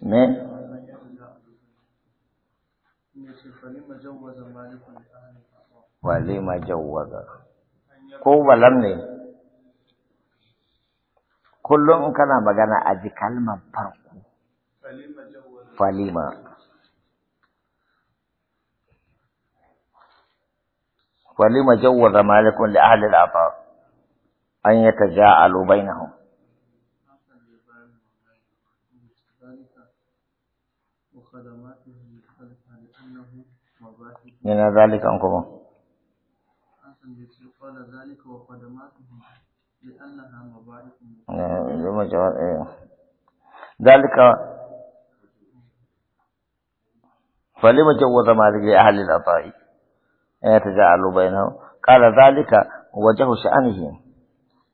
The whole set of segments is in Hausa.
Ne? walima jawwaza ko walam ne kullum in kana magana a ji kalmar farko falima walima jawwaza malikun li ahli al-ata an yataja'alu bainahum قدماته مختلفة لأنه مباحث من ذلك أنكم أحسن قال ذلك وقدماته لأنها مباحث مختلفة ذلك فلما جوز مالك لأهل العطاء يتجعلوا بينهم قال ذلك وجه شأنهم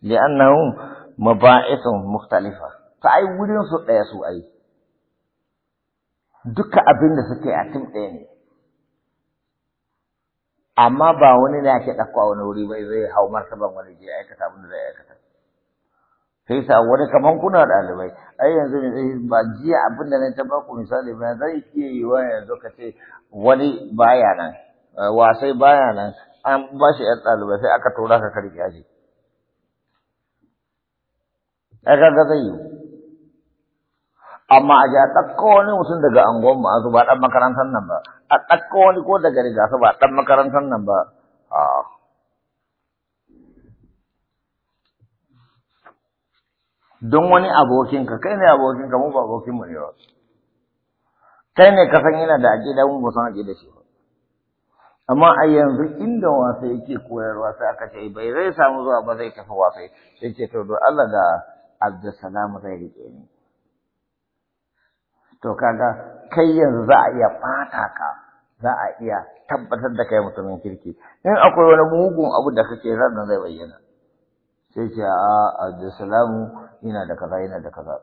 لأنهم مباعث مختلفة فأي ولين سؤال سؤال duka abin da suke a tim ɗaya ne amma ba wani ne ake ɗauko a wani wuri bai zai hau martaban wani je aikata abin da zai aikata sai sa wani kaman kuna ɗalibai ai yanzu ne ba jiya abin da na ta ku, misali ba zai iya yi wa yanzu ka ce wani baya nan eh, wasai baya nan an ba shi ‘yan ɗalibai sai aka tura ka karki aji. Ai kaga zai yiwu. amma a ji a ɗakko wani mutum daga anguwan mu azu ba ɗan makarantar nan ba a ɗakko wani ko daga riga su ba ɗan makarantar nan ba a ah. don wani abokinka kai ne abokinka mu ba abokin mu ne ba kai ne ka san yana da aƙida mu ba san aƙida shi ba amma a yanzu inda wasa yake koyarwa sai aka ce bai zai samu zuwa ba zai tafi wasa sai ce to don Allah ga Abdulsalam zai rike ni to kaga kai yanzu za a iya fata ka za a iya tabbatar da kai mutumin kirki in akwai wani mugun abu da kake ranar zai bayyana sai ce a salamu ina da kaza ina da kaza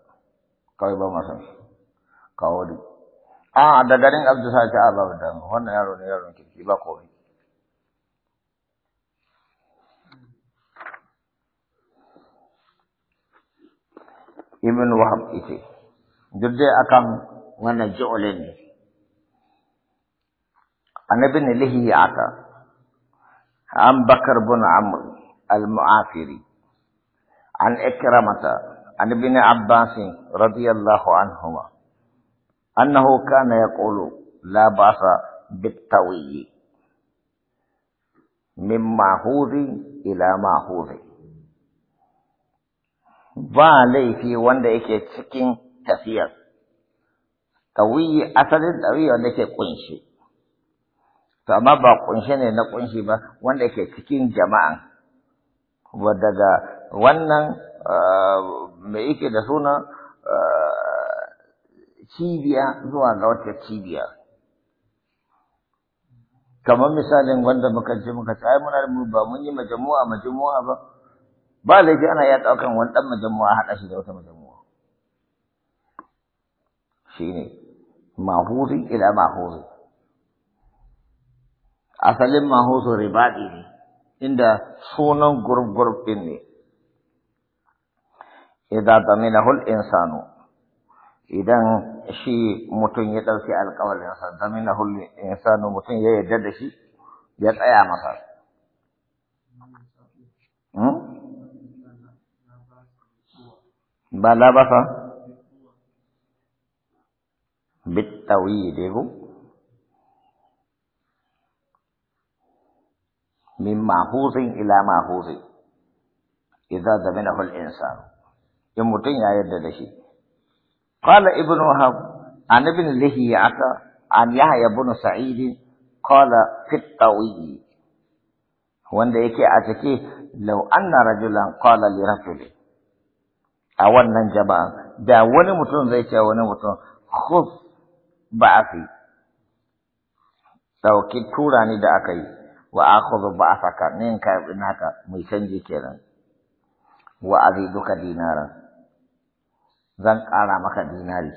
kawai ba ma san kawo duk a da garin abdulsalamu a babu damu wannan yaro ne yaron kirki ba komai ibn wahab ite duk dai akan wannan ji'ulin ne annabi ne lihi aka an bakar bin amr al-mu'afiri an ikramata an ibn abbas radiyallahu anhuma annahu kana yaqulu la ba'sa bit-tawiyyi min mahudi ila mahudi ba laifi wanda yake cikin tafiyar ƙawiyi asalin ɗari wanda ke ƙunshi to amma ba kunshe ne na kunshi ba wanda ke cikin jama'an daga wannan eh, me yake da suna eh, cibiya zuwa ga wata cibiya kamar misalin wanda muka ce muka ce ai muna mu ba mun yi majmu'a majamuwa ba ba laifi ana ya kan wani dan majmu'a haɗa shi da wata majamuwa. shine mahuzi ila mahuzi asalin mahuzu ribadi ne inda sunan gurgurb din ne idza daminahu hul insanu idan shi mutum ya ɗauki alƙawarin sa daminahu insanu mutum ya yarda da shi ya tsaya masa hmm? ba labasa بالطويل من محفوظ إلى محفوظ إذا ضمنه الإنسان يمتن يا يد قال ابن وهب عن ابن عطا عن يحيى بن سعيد قال في الطويل وان yake a cike lau anna rajulan qala li rajuli a wannan jama'a da متون mutum fi ɗauki tura ni da aka yi wa faka ba'afaka in ka naka mai canji kenan wa duka dinara zan ƙara maka dinari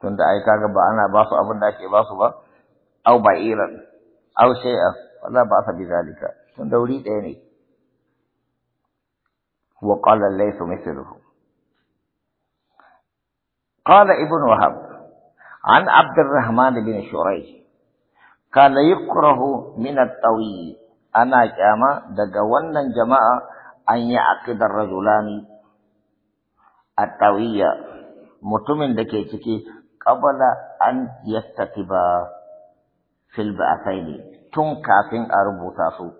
tunda ai kaga ba ana ba su abin da ake ba su ba au iran au a wala ba sa bi zalika tunda wuri ɗaya ne wa qala laysa mithluhu Ƙwalo Ibn Wahab an Abdi Rahman bin Shorai, kalayyukuraho ni na ɗauyi ana ƙyama daga wannan jama'a an yi aiki da rajulani. A ɗauyiyya mutumin da ke ciki, kabada an yastati ba, fil ba'a ne, tun kafin a rubuta su,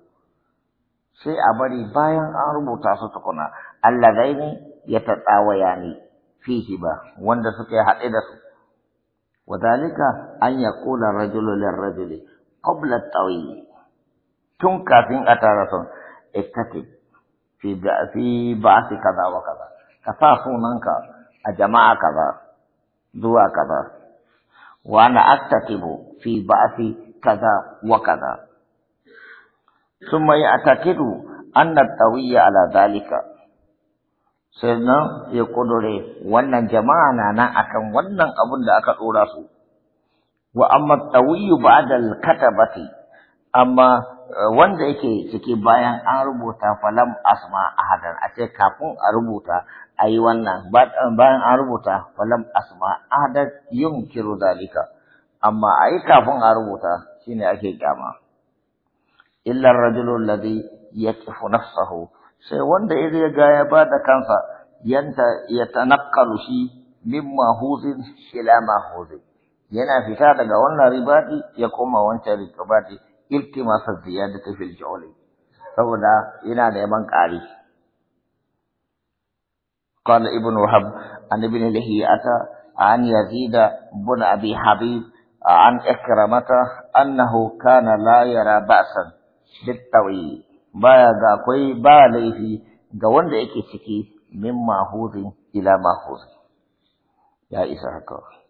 sai a bari bayan an rubuta su tukuna, Allah laini ya tattawaya ni. فيه با وند سكي حد وذلك أن يقول الرجل للرجل قبل التويل تون كافين أتارسون اكتب في في بعث كذا وكذا كفاصون أنك أجماع كذا دعاء كذا وأنا أكتب في بعث كذا وكذا ثم يعتقد أن التوي على ذلك sannan ya kudure wannan jama'a na nan akan wannan abun da aka ɗora su wa amma tawiyu ba da katabati amma eh, wanda yake cike bayan an rubuta falam asma ahadan a ce kafin a rubuta a wannan bayan an rubuta falam asma ahadan yin kiro dalika amma a kafin a rubuta shine ake kyama illa rajulun ladhi yaqifu nafsahu sai wanda ya zai ga ya ba da kansa yanta ya tanakkalu shi min mahuzin ila mahuzin yana fita daga wannan ribati ya koma wancan ribati iltimasa ziyadati fil jawli saboda yana da yaman ƙari قال ابن وهب عن ابن لهيئة عن يزيد بن أبي حبيب عن إكرمة أنه كان لا يرى بأسا بالطويل baya ga akwai ba laifi ga wanda yake ciki min mahuzin ila mahuzin ya isa haka